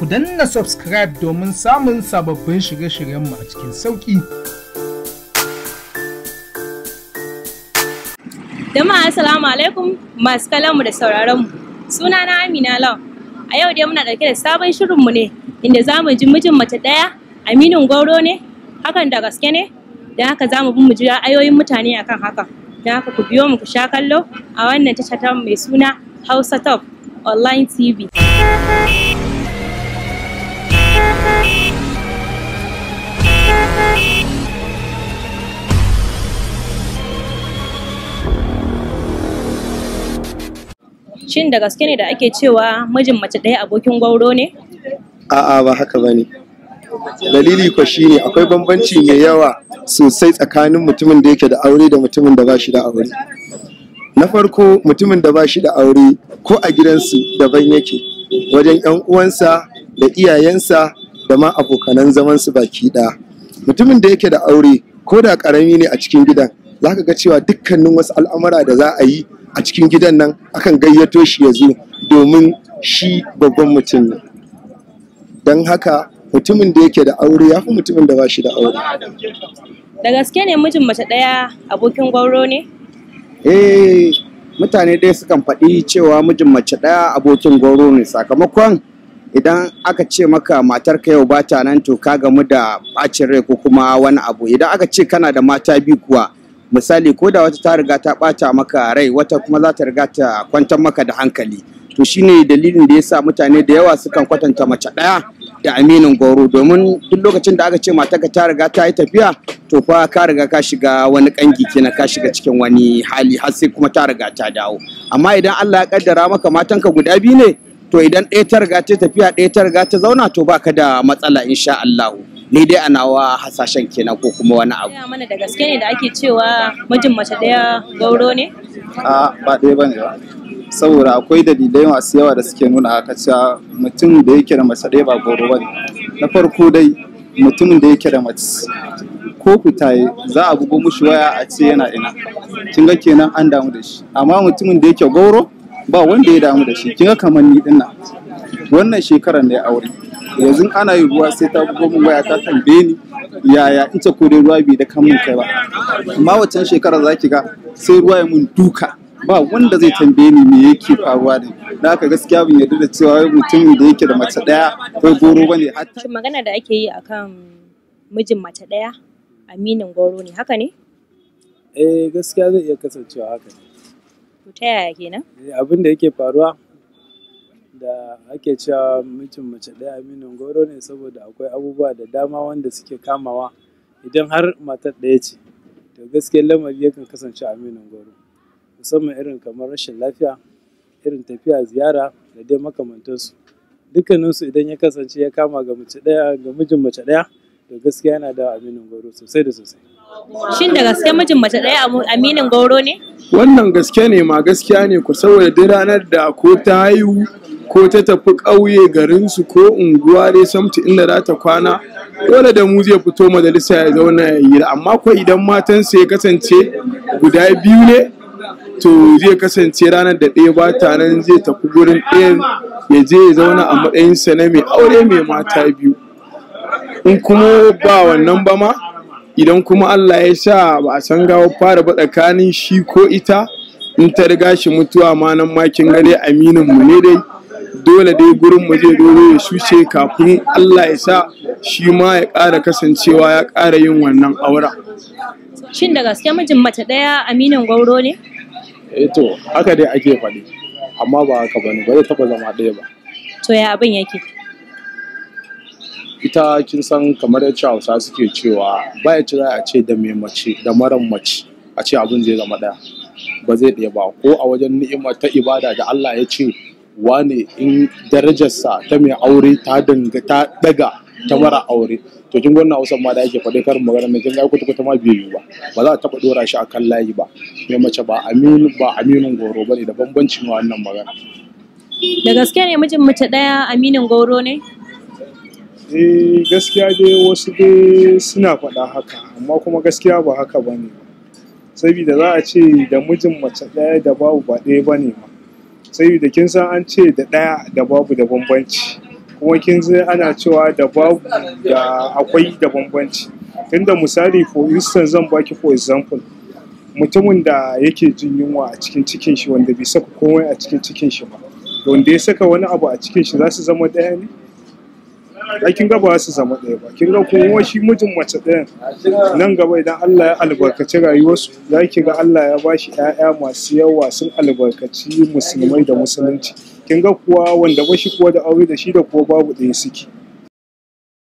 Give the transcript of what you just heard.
ku danna subscribe domin samun sababbin shirye-shiryenmu a cikin sauƙi. Jama'a assalamu alaikum masu kalanmu da sauraronmu. Suna na Amina Lau. A yau dai muna ɗauke da sabon shirinmu ne inda za mu ji mijin mace ɗaya aminin gwauro ne hakan da gaske ne da haka za mu bi mu ji ra'ayoyin mutane akan haka Da haka ku biyo mu ku sha kallo a wannan tasha mai suna Hausa Top Online TV. shin da gaske ne da ake cewa mijin mace ɗaya abokin gwauro ne a'a ba haka ba ne dalili kwa shi ne akwai bambanci mai yawa sosai tsakanin mutumin da yake da aure da mutumin da ba shi da aure na farko mutumin da ba shi da aure ko a gidansu daban yake wajen 'yan uwansa da iyayensa da ma abokanan zamansu baki ɗaya mutumin da yake da aure ko da ƙarami ne a cikin gidan za ka ga cewa dukkanin wasu al'amura da za a yi a cikin gidan nan akan gayyato shi ya zo domin shi babban mutum ne don haka mutumin da yake da aure ya fi mutumin da ba shi da aure da gaske ne mijin mace ɗaya abokin gwauro ne eh mutane dai sukan faɗi cewa mijin mace ɗaya abokin gwauro ne sakamakon idan aka ce maka matar ka yau bata nan to ka gamu da ɓacin rai ko kuma wani abu idan aka ce kana da mata biyu kuwa misali ko da wata ta riga ta ɓata maka rai wata kuma za ta riga ta kwantar maka da hankali to shine dalilin da yasa mutane da yawa sukan kwatanta mace ɗaya da aminin goro domin duk lokacin da aka ce matarka ta riga ta yi tafiya to fa ka riga ka shiga wani kangi kenan ka shiga cikin wani hali har sai kuma ta riga ta dawo amma idan Allah ya kaddara maka matanka guda biyu ne to idan ɗaya ta riga ta tafiya ɗaya ta riga ta zauna to baka da matsala insha Allah ni dai a nawa hasashen kenan ko kuma wani abu. Ya mana da gaske ne da ake cewa mijin mace ɗaya gauro ne? A ba ɗaya bane ba. Saboda akwai dalilai masu yawa da suke nuna haka cewa mutum da yake da mace ɗaya ba gauro bane. Na farko dai mutumin da yake da mace ko fitaye za a bugo mushi waya a ce yana ina. Kin ga kenan an damu da shi. Amma mutumin da yake gauro ba wanda ya damu da shi. Kin ga kamar ni dinnan. Wannan shekarar ne aure. yanzu ana yi ruwa sai ta bugo min waya ta tambaye ni yaya ita ko dai ruwa bai da kan mun kai ba amma waccan shekara za ki ga sai ruwa ya mun duka ba wanda zai tambaye ni me yake faruwa da da haka gaskiya bin yarda da cewa mutumin da yake da mace daya ko goro bane hatta magana da ake yi akan mijin mace daya aminin goro ne haka ne eh gaskiya zai iya kasancewa haka ne ta yaya kenan eh, abin da yake faruwa da ake cewa mijin mace ɗaya aminin goro ne saboda akwai abubuwa da dama wanda suke kamawa idan har matar ɗaya ce to gaskiya lamari yakan kasance aminin goro musamman irin kamar rashin lafiya irin tafiya ziyara da dai makamantansu dukkaninsu idan ya kasance ya kama ga mace ɗaya ga mijin mace ɗaya to gaskiya yana da aminin goro sosai da sosai shin da gaske mijin mace ɗaya aminin goro ne wannan gaske ne ma gaskiya ne ku saboda duk ranar da ko ta haihu ko ta tafi ƙauye garinsu ko unguwa dai samti inda za ta kwana dole da mu zai fito majalisa ya zauna ya yi amma ko idan matansa ya kasance guda biyu ne to zai kasance ranar da ɗaya ba ta nan zai tafi gurin ɗayan ya je ya zauna a matsayin sa na mai aure mai mata biyu in kuma ba wannan ba ma idan kuma Allah ya sa ba a san gawo fara ba tsakanin shi ko ita in ta riga shi mutuwa ma nan makin gare aminin mu ne dai dole dai gurin mu zai dole ya shuce kafin Allah ya sa shi ma ya ƙara kasancewa ya ƙara yin wannan aura. Shin da gaske mijin mace ɗaya aminin gwauro ne? Eh to, haka dai ake faɗi, amma ba haka ba ne, ba zai taɓa zama ɗaya ba. To ya abin yake? Ita kin san kamar yacce Hausa suke cewa ba ya za a ce da mai mace da maran mace a ce abin zai zama ɗaya. Ba zai ɗaya ba ko a wajen ni'ima ta ibada da Allah ya ce wane in darajarsa ta mai aure ta danga ta daga ta mara aure to kin gwanna hausa ma da yake faɗi karin magana na kin ga kuta kuta ma biyu ba ba za a taɓa dora shi akan layi ba Me mace ba aminu ba aminun goro bane da bambancin wannan magana da gaske ne mijin mace ɗaya aminin goro ne eh gaskiya dai wasu dai suna faɗa haka amma kuma gaskiya ba haka bane ba saboda za a ce da mijin mace ɗaya da babu ba ɗaya bane ba sai da kin san an ce da ɗaya da babu da bambanci kuma kin san ana cewa da babu da akwai da bambanci tunda misali for instance zan baki for example mutumin da yake jin yunwa a cikin cikin shi wanda bai saka komai a cikin cikin shi ba wanda ya saka wani abu a cikin shi za su zama ɗaya ne ai kin ga ba su zama ɗaya ba kin ga kuma shi mijin mace ɗayan nan gaba idan Allah ya albarkaci rayuwarsu za ki ga Allah ya ba shi ƴaƴa masu yawa sun albarkaci musulmai da musulunci kin ga kuwa wanda ba shi kuwa da aure da shi da kuwa babu ɗaya suke